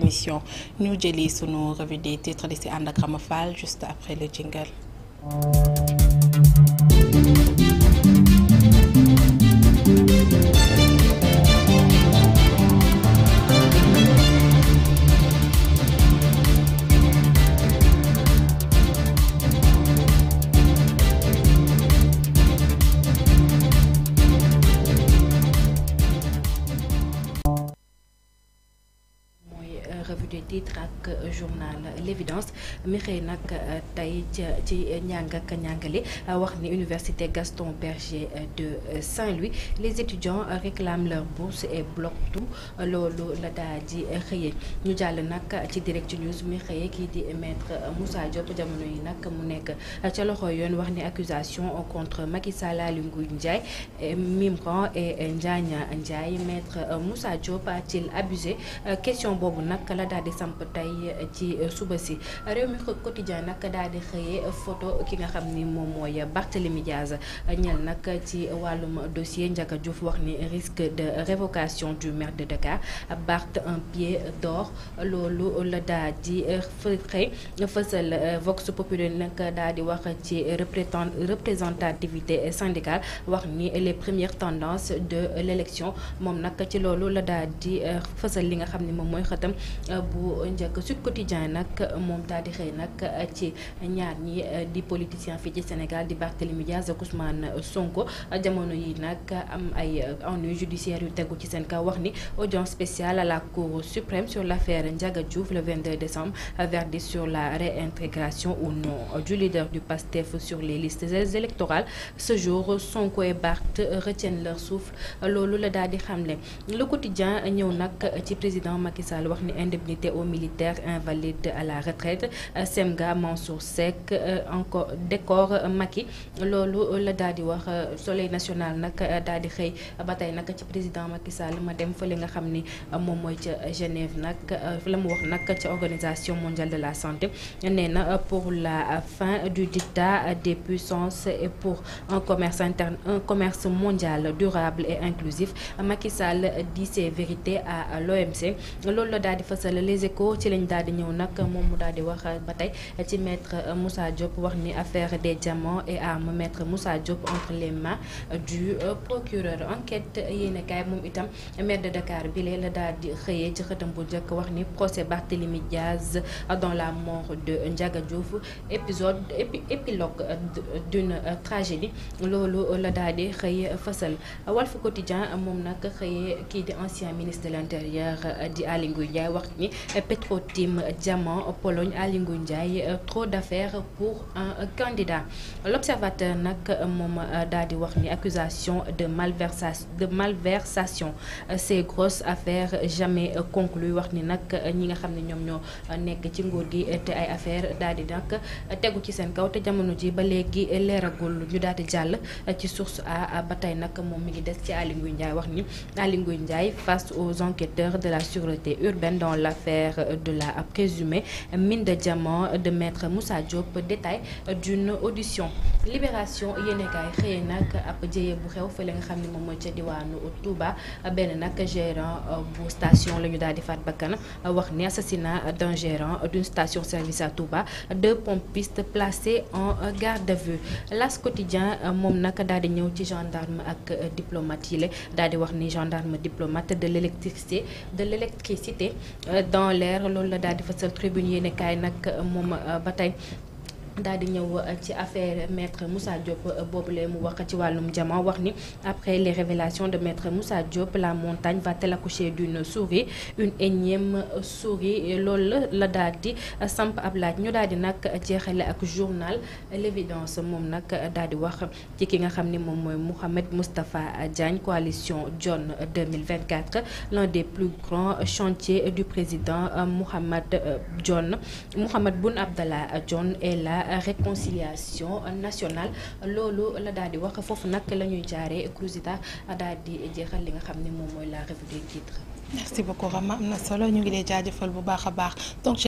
émission ñu jëli sunu revue des titres di si ànd ak Rama juste après le jingle revue des titres ak euh, journal l'évidence mi xëy nag euh, tey ci ñàng ak ñàngale euh, wax ni université Gaston Berger de Saint-Louis les étudiants réclament leur bourse et bloquent tout loolu la daa ji xëyee ñu jàll nag ci direct news mi xëyee kii di maître Moussa Diop jamono yi nag mu nekk ca loxo yoon wax ni accusation contre Macky Sall Aly Ngouille Ndiaye Mimi et Ndiagne Ndiaye Moussa Diop a il abusé question boobu nag la daal di samp tey ci suba si réew mi quotidien nag daal di xëyee foto ki nga xam ni moom mooy barte Barthélémy Diaz ñel nag ci wàllum dossier Ndiaga Diouf wax ni risque de révocation du maire de Dakar Barth un pied d'or loolu la daal di xëy fësal Vox Populi nag daal di wax ci représentativité syndicale wax ni les premières tendances de l'élection moom nag ci loolu la daal di fësal li nga xam ni moom mooy xëtam Euh, bu njëkk Sud Quotidien nag moom daal di xëy nag euh, ci ñaar ñi euh, di politicien fii ci Sénégal di Barthélémy Dias ak Ousmane Sonko jamono yi nag am ay ennuis judiciaires yu tegu ci seen kaw wax ni audience spéciale à la Cour suprême sur l'affaire Ndiaga Diouf le 22 décembre verdict sur la réintégration ou non du leader du PASTEF sur les listes électorales ce jour Sonko et Barth retiennent leur souffle loolu la daal di xamle le quotidien ñëw nag ci président Macky indemnité aux militaires invalides à la retraite euh, Semga Mansour Seck euh, encore décor euh, Macky loolu la daal di wax soleil national nag daal di xëy ba tey nag ci président Macky Sall ma dem fële nga xam ni moom mooy ca Genève nag la mu wax nag ca organisation mondiale de la santé nee na pour la fin du dictat des puissances et pour un commerce interne un commerce mondial durable et inclusif Macky Sall dit ses à l'OMC loolu la daal di fas fësal les échos ci lañ daal di ñëw nag moom mu daal di wax ba tey ci maître Moussa Diop wax ni affaire des diamants et armes maître Moussa Diop entre les mains du euh, procureur enquête yéen a kaay moom itam maire de Dakar bi la daal di xëyee ci xëtam bu njëkk wax ni procès Barthélémy Diaz dans la mort de Ndiaga Diouf épisode épilogue d'une tragédie loolu la daal xëyee fësal Walf Quotidien moom nag xëyee kii di ancien ministre de l'intérieur di Aly Ngouille wax ni Petrotim Diamant Pologne Aly Ngouille Ndiaye euh, trop d'affaires pour un euh, candidat l'observateur nag euh, moom daal di wax ni accusation de malversation de malversation ces grosses affaires jamais conclues wax ni nag ñi nga xam ne ñoom ñoo nekk ci nguur gi te ay affaires daal di nag tegu ci seen kaw te jamono ji ba léegi leeragul ñu daal di jàll ci source a ba tey nag moom mi ngi des ci Aly Ngouille Ndiaye wax ni Aly Ngouille Ndiaye face aux enquêteurs de la sûreté urbaine dans l'affaire de la présumée mine de diamant de maître Moussa Diop, détail d'une audition. libération yéenekaay xëye nag ab jëye bu xew fa fële nga xam ne moom mooy ca diwaanu Touba benn nag gérant euh, bu station la ñu daal di faat bakkan wax ne assassinat d'un gérant d'une station service à Touba deux pompistes placés en garde à vue L'As quotidien euh, moom nag daal di ñëw ci gendarme ak euh, diplomate yi la daal di wax ni gendarme diplomate de l'électricité de l'électricité dans l'air loolu la daal di fa fësal tribune yéenekaay nag moom ba tey daal di ñëw euh, ci affaire maître Moussa Diop euh, boobule mu wax ci wàllum jama wax ni après les révélations de maître Moussa Diop la montagne va-t-elle accoucher d'une souris une énième souris loolu la daal di samp ab laaj ñu daal di nag jeexale ak journal l'évidence moom nag daal di wax ci ki nga xam ni moom mooy Mouhamed mustafa Diagne coalition John 2024 l'un des plus grands chantiers du président euh, Mouhamed John Mouhamed Boun Abdallah John est la réconciliation nationale loolu la daal di wax foofu nag la ñuy jaaree a dal di jeexal li nga xam ne moom mooy la revue des titres merci beaucoup Rama am na solo ñu ngi lay jaajëfal bu baax a baax